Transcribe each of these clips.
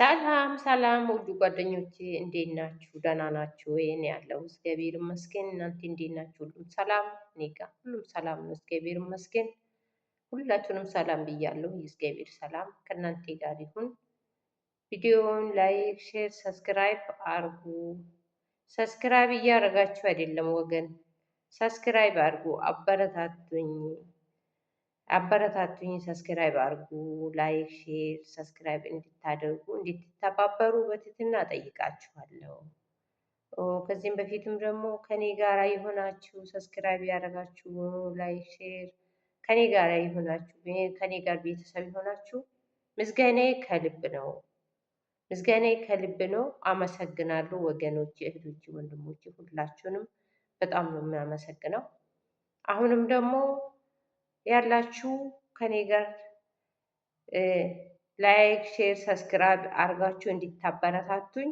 ሰላም ሰላም ውዱ ጓደኞቼ እንዴት ናችሁ? ደህና ናችሁ? ይህን ያለው እግዚአብሔር ይመስገን። እናንተ እንዴት ናችሁ? ሁሉም ሰላም እኔ ጋ ሁሉም ሰላም ነው፣ እግዚአብሔር ይመስገን። ሁላችሁንም ሰላም ብያለሁ። የእግዚአብሔር ሰላም ከእናንተ ጋር ይሁን። ቪዲዮውን ላይክ፣ ሼር፣ ሰብስክራይብ አርጉ። ሰብስክራይብ እያደረጋችሁ አይደለም ወገን፣ ሰብስክራይብ አርጉ፣ አበረታቱኝ። አበረታቱኝ። ሰብስክራይብ አድርጉ፣ ላይክ፣ ሼር፣ ሰብስክራይብ እንድታደርጉ እንድትተባበሩ በትህትና ጠይቃችኋለሁ። ከዚህም በፊትም ደግሞ ከኔ ጋራ የሆናችሁ ሰብስክራይብ ያደረጋችሁ ላይክ፣ ሼር ከኔ ጋር የሆናችሁ ከኔ ጋር ቤተሰብ የሆናችሁ ምስጋናዬ ከልብ ነው። ምስጋናዬ ከልብ ነው። አመሰግናለሁ ወገኖች፣ እህቶች፣ ወንድሞች ሁላችሁንም በጣም ነው የሚያመሰግነው። አሁንም ደግሞ ያላችሁ ከኔ ጋር ላይክ፣ ሼር፣ ሰብስክራይብ አድርጋችሁ እንዲታበረታቱኝ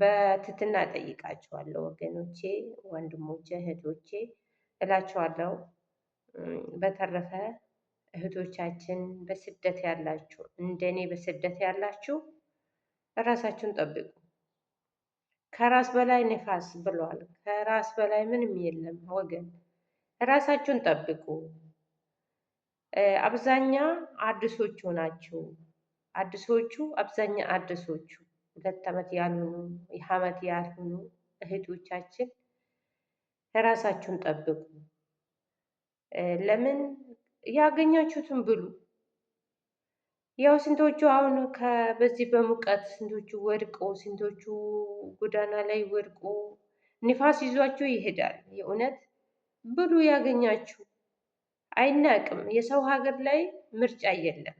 በትትና ጠይቃችኋለሁ። ወገኖቼ፣ ወንድሞቼ፣ እህቶቼ እላችኋለሁ። በተረፈ እህቶቻችን በስደት ያላችሁ እንደኔ በስደት ያላችሁ ራሳችሁን ጠብቁ። ከራስ በላይ ነፋስ ብሏል። ከራስ በላይ ምንም የለም ወገን። ራሳችሁን ጠብቁ። አብዛኛ አዲሶቹ ናቸው። አዲሶቹ አብዛኛ አዲሶቹ ሁለት ዓመት ያልሆኑ የዓመት ያልሆኑ እህቶቻችን ራሳችሁን ጠብቁ። ለምን ያገኛችሁትን ብሉ። ያው ስንቶቹ አሁን በዚህ በሙቀት ስንቶቹ ወድቆ ስንቶቹ ጎዳና ላይ ወድቆ ንፋስ ይዟቸው ይሄዳል የእውነት ብሉ ያገኛችሁ አይናቅም። የሰው ሀገር ላይ ምርጫ የለም።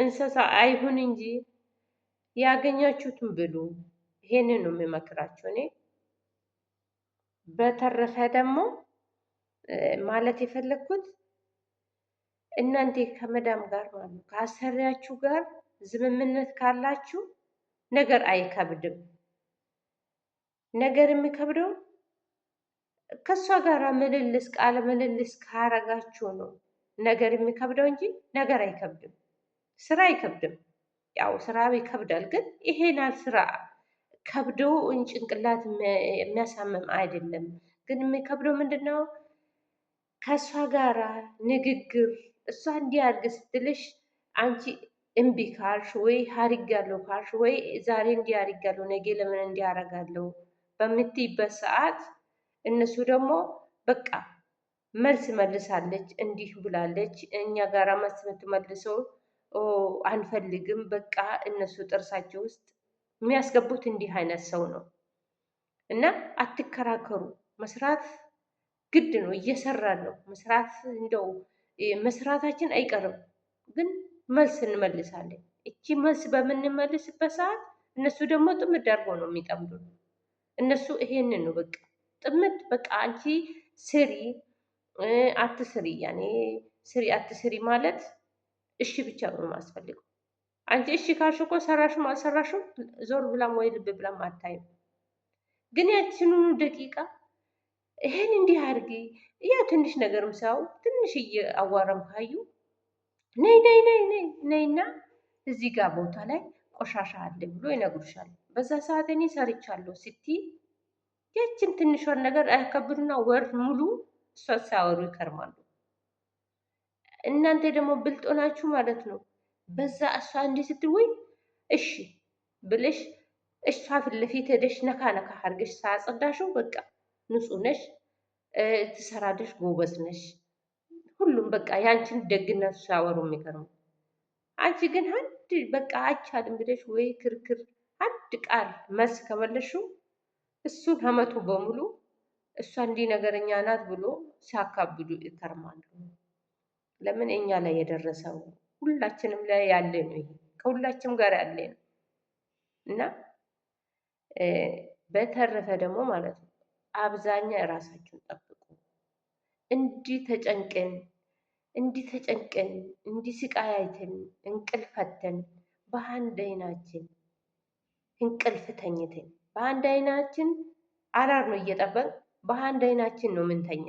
እንስሳ አይሁን እንጂ ያገኛችሁትን ብሉ። ይሄንን ነው የምመክራችሁ እኔ። በተረፈ ደግሞ ማለት የፈለግኩት እናንተ ከመዳም ጋር ማለት ከአሰሪያችሁ ጋር ዝምምነት ካላችሁ ነገር አይከብድም። ነገር የሚከብደው ከእሷ ጋር ምልልስ ቃለ ምልልስ ካረጋችሁ ነው ነገር የሚከብደው እንጂ ነገር አይከብድም። ስራ አይከብድም። ያው ስራ ይከብዳል፣ ግን ይሄን ስራ ከብዶ ጭንቅላት የሚያሳምም አይደለም። ግን የሚከብደው ምንድን ነው? ከእሷ ጋራ ንግግር እሷ እንዲያርግ ስትልሽ አንቺ እምቢ ካልሽ ወይ አድርጋለሁ ካልሽ ወይ ዛሬ እንዲያርጋለሁ ነገ ለምን እንዲያረጋለሁ በምትይበት ሰዓት እነሱ ደግሞ በቃ መልስ መልሳለች፣ እንዲህ ብላለች፣ እኛ ጋር መልስ የምትመልሰው አንፈልግም፣ በቃ እነሱ ጥርሳቸው ውስጥ የሚያስገቡት እንዲህ አይነት ሰው ነው እና አትከራከሩ። መስራት ግድ ነው። እየሰራን ነው። መስራት እንደው መስራታችን አይቀርም፣ ግን መልስ እንመልሳለን። እቺ መልስ በምንመልስበት ሰዓት እነሱ ደግሞ ጥምድ አድርጎ ነው የሚጠምዱ። እነሱ ይሄንን ነው በቃ ጥምት በቃ አንቺ ስሪ አትስሪ፣ ያኔ ስሪ አትስሪ ማለት እሺ ብቻ ነው የማስፈልገው። አንቺ እሺ ካልሽ እኮ ሰራሽም አልሰራሽም ዞር ብላም ወይ ልብ ብላም አታይም። ግን ያችኑ ደቂቃ ይሄን እንዲህ አድርጊ እያ ትንሽ ነገርም ሰው ትንሽ እየአዋረም ካዩ ነይ ነይ ነይ ነይ ነይና እዚህ ጋር ቦታ ላይ ቆሻሻ አለ ብሎ ይነግሩሻል። በዛ ሰዓት እኔ ሰርቻለሁ ስቲ ያችን ትንሿን ነገር አያከብዱና ወር ሙሉ እሷ ሳያወሩ ይከርማሉ። እናንተ ደግሞ ብልጦናችሁ ማለት ነው። በዛ እሷ እንዲህ ስትወይ እሺ ብለሽ እሷ ፊት ለፊት ሄደሽ ነካ ነካ አድርገሽ ሳያጸዳሽው በቃ ንጹህ ነሽ፣ ትሰራለሽ፣ ጎበዝ ነሽ። ሁሉም በቃ ያንቺን ደግነት ሲያወሩ የሚከርሙ አንቺ ግን አንድ በቃ አይቻልም ብለሽ ወይ ክርክር አንድ ቃል መልስ ከመለሽው እሱን አመቱ በሙሉ እሷ እንዲህ ነገረኛ ናት ብሎ ሲያካብዱ ይከርማሉ። ለምን እኛ ላይ የደረሰው ሁላችንም ላይ ያለ ነው። ይሄ ከሁላችንም ጋር ያለ ነው እና በተረፈ ደግሞ ማለት ነው አብዛኛው እራሳችሁን ጠብቁ። እንዲህ ተጨንቅን፣ እንዲህ ተጨንቅን እንዲህ ስቃይ እንቅልፈትን በአንድ አይናችን እንቅልፍ በአንድ አይናችን አራር ነው እየጠበቅ በአንድ አይናችን ነው ምንተኛ።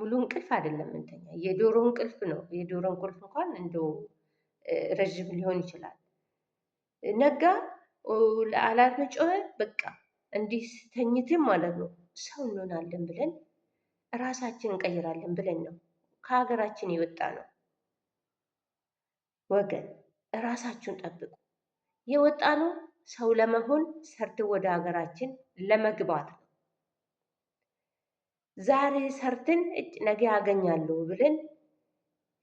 ሙሉ እንቅልፍ አይደለም ምንተኛ፣ የዶሮ እንቅልፍ ነው። የዶሮ እንቅልፍ እንኳን እንደ ረዥም ሊሆን ይችላል። ነጋ አላርም ጮኸ፣ በቃ እንዲህ ስተኝትም ማለት ነው ሰው እንሆናለን ብለን ራሳችን እንቀይራለን ብለን ነው ከሀገራችን የወጣ ነው። ወገን ራሳችሁን ጠብቁ የወጣ ነው ሰው ለመሆን ሰርተን ወደ ሀገራችን ለመግባት ነው። ዛሬ ሰርተን እጭ ነገ ያገኛለሁ ብለን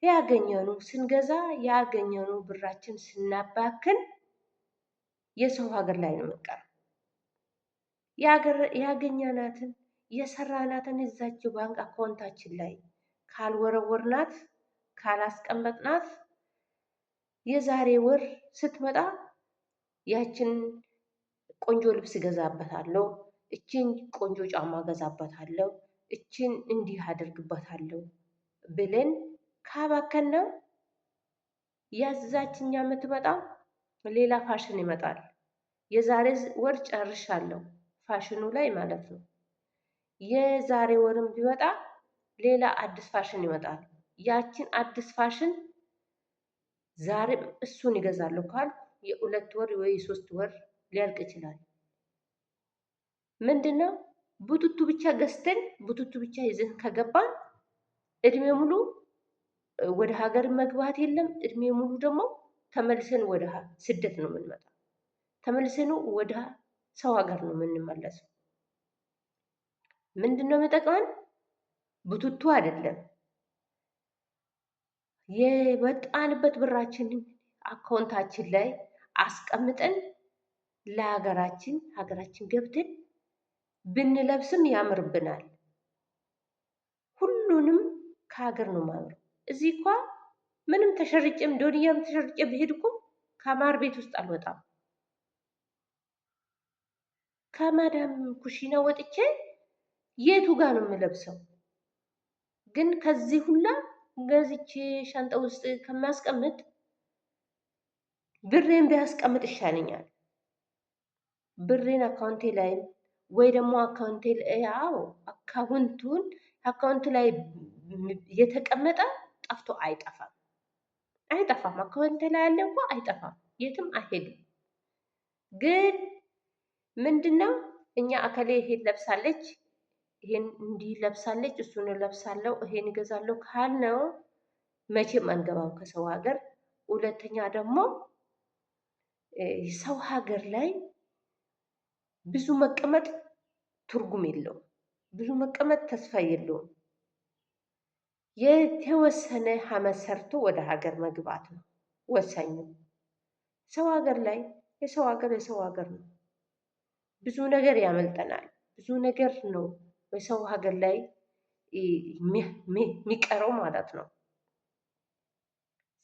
ያገኘኑ ስንገዛ ያገኘኑ ብራችን ስናባክን የሰው ሀገር ላይ ነው የምንቀረው። ያገኛናትን የሰራናትን እዛችው ባንክ አካውንታችን ላይ ካልወረወርናት ካላስቀመጥናት የዛሬ ወር ስትመጣ ያችን ቆንጆ ልብስ እገዛበታለሁ፣ እችን ቆንጆ ጫማ እገዛበታለሁ፣ እችን እንዲህ አደርግበታለሁ ብለን ካባከና ያዛችኛ የምትመጣ ሌላ ፋሽን ይመጣል። የዛሬ ወር ጨርሻለሁ ፋሽኑ ላይ ማለት ነው። የዛሬ ወርም ቢመጣ ሌላ አዲስ ፋሽን ይመጣል። ያችን አዲስ ፋሽን ዛሬ እሱን ይገዛለሁ ካልኩ የሁለት ወር ወይ የሶስት ወር ሊያልቅ ይችላል። ምንድነው ቡቱቱ ብቻ ገዝተን ቡቱቱ ብቻ ይዘን ከገባን እድሜ ሙሉ ወደ ሀገር መግባት የለም። እድሜ ሙሉ ደግሞ ተመልሰን ወደ ስደት ነው የምንመጣ። ተመልሰን ወደ ሰው ሀገር ነው የምንመለሰው። ምንድን ነው የሚጠቅመን? ቡቱቱ አይደለም። የወጣንበት ብራችን አካውንታችን ላይ አስቀምጠን ለሀገራችን ሀገራችን ገብተን ብንለብስም ያምርብናል። ሁሉንም ከሀገር ነው ማምር። እዚህ እኳ ምንም ተሸርጬም ዶንያም ተሸርጬ ብሄድ እኮ ከማር ቤት ውስጥ አልወጣም። ከማዳም ኩሽና ወጥቼ የቱ ጋር ነው የምለብሰው? ግን ከዚህ ሁላ ገዝቼ ሻንጣ ውስጥ ከማስቀምጥ ብሬን ቢያስቀምጥ ይሻለኛል። ብሬን አካውንቴ ላይ ወይ ደግሞ አካውንቴ ያው አካውንቱን አካውንት ላይ የተቀመጠ ጠፍቶ አይጠፋም አይጠፋም። አካውንት ላይ ያለ እኮ አይጠፋም፣ የትም አይሄድም። ግን ምንድነው እኛ አከሌ ይሄን ለብሳለች፣ ይሄን እንዲህ ለብሳለች፣ እሱን ለብሳለሁ፣ ይሄን ይገዛለሁ ካልነው መቼም አንገባም ከሰው ሀገር። ሁለተኛ ደግሞ ሰው ሀገር ላይ ብዙ መቀመጥ ትርጉም የለውም። ብዙ መቀመጥ ተስፋ የለውም። የተወሰነ ዓመት ሰርቶ ወደ ሀገር መግባት ነው ወሳኙ። ሰው ሀገር ላይ የሰው ሀገር የሰው ሀገር ነው። ብዙ ነገር ያመልጠናል። ብዙ ነገር ነው በሰው ሀገር ላይ የሚቀረው ማለት ነው።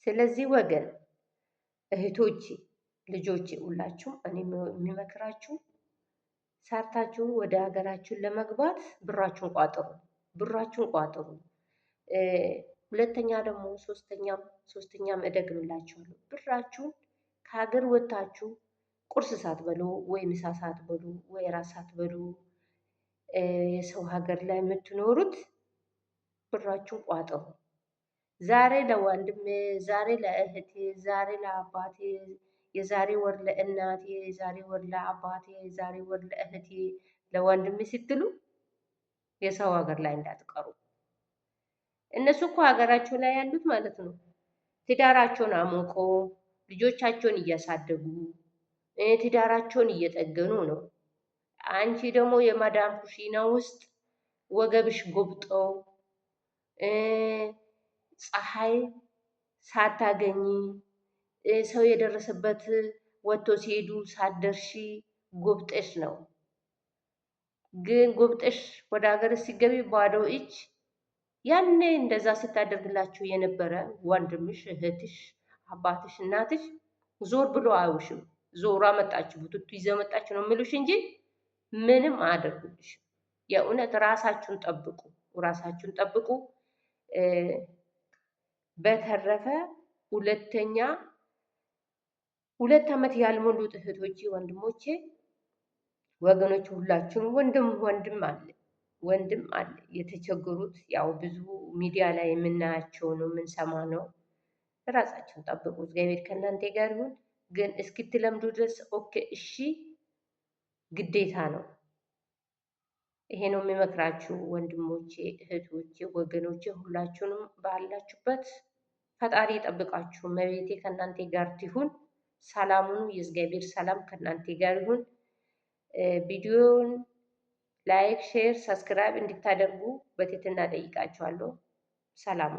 ስለዚህ ወገን እህቶቼ ልጆች ሁላችሁም እኔ የሚመክራችሁ ሰርታችሁ ወደ ሀገራችሁን ለመግባት ብራችሁን ቋጥሩ፣ ብራችሁን ቋጥሩ። ሁለተኛ ደግሞ ሶስተኛም ሶስተኛም እደግምላችኋለሁ ብራችሁን ከሀገር ወጥታችሁ ቁርስ ሳትበሉ ወይ ምሳ ሳትበሉ ወይ ራት ሳትበሉ የሰው ሀገር ላይ የምትኖሩት ብራችሁን ቋጥሩ። ዛሬ ለወንድሜ፣ ዛሬ ለእህቴ፣ ዛሬ ለአባቴ የዛሬ ወር ለእናቴ፣ የዛሬ ወር ለአባቴ፣ የዛሬ ወር ለእህቴ፣ ለወንድሜ ስትሉ የሰው ሀገር ላይ እንዳትቀሩ። እነሱ እኮ ሀገራቸው ላይ ያሉት ማለት ነው ትዳራቸውን አሞቆ ልጆቻቸውን እያሳደጉ ትዳራቸውን እየጠገኑ ነው። አንቺ ደግሞ የማዳም ኩሽና ውስጥ ወገብሽ ጎብጦ ፀሐይ ሳታገኝ ሰው የደረሰበት ወጥቶ ሲሄዱ ሳደርሺ ጎብጠሽ ነው። ግን ጎብጠሽ ወደ ሀገር ሲገቢ ባዶ እጅ ያኔ እንደዛ ስታደርግላቸው የነበረ ወንድምሽ፣ እህትሽ፣ አባትሽ፣ እናትሽ ዞር ብሎ አይውሽም። ዞራ መጣችሁ ቡትቱ ይዘው መጣችሁ ነው የምሉሽ እንጂ ምንም አያደርጉልሽ። የእውነት ራሳችሁን ጠብቁ፣ ራሳችሁን ጠብቁ። በተረፈ ሁለተኛ ሁለት ዓመት ያልሞሉ እህቶቼ፣ ወንድሞቼ፣ ወገኖች ሁላችሁም ወንድም ወንድም አለ ወንድም አለ። የተቸገሩት ያው ብዙ ሚዲያ ላይ የምናያቸው ነው የምንሰማ ነው። ራሳቸውን ጠብቁ። እግዚአብሔር ከእናንተ ጋር ይሁን። ግን እስክትለምዱ ድረስ ኦኬ፣ እሺ፣ ግዴታ ነው። ይሄ ነው የሚመክራችሁ ወንድሞቼ፣ እህቶቼ፣ ወገኖቼ ሁላችሁንም ባላችሁበት ፈጣሪ ጠብቃችሁ መቤቴ ከእናንተ ጋር ትሁን። ሰላሙኑ የእግዚአብሔር ሰላም ከእናንተ ጋር ይሁን። ቪዲዮውን ላይክ፣ ሼር፣ ሰብስክራይብ እንድታደርጉ በትህትና ጠይቃችኋለሁ። ሰላም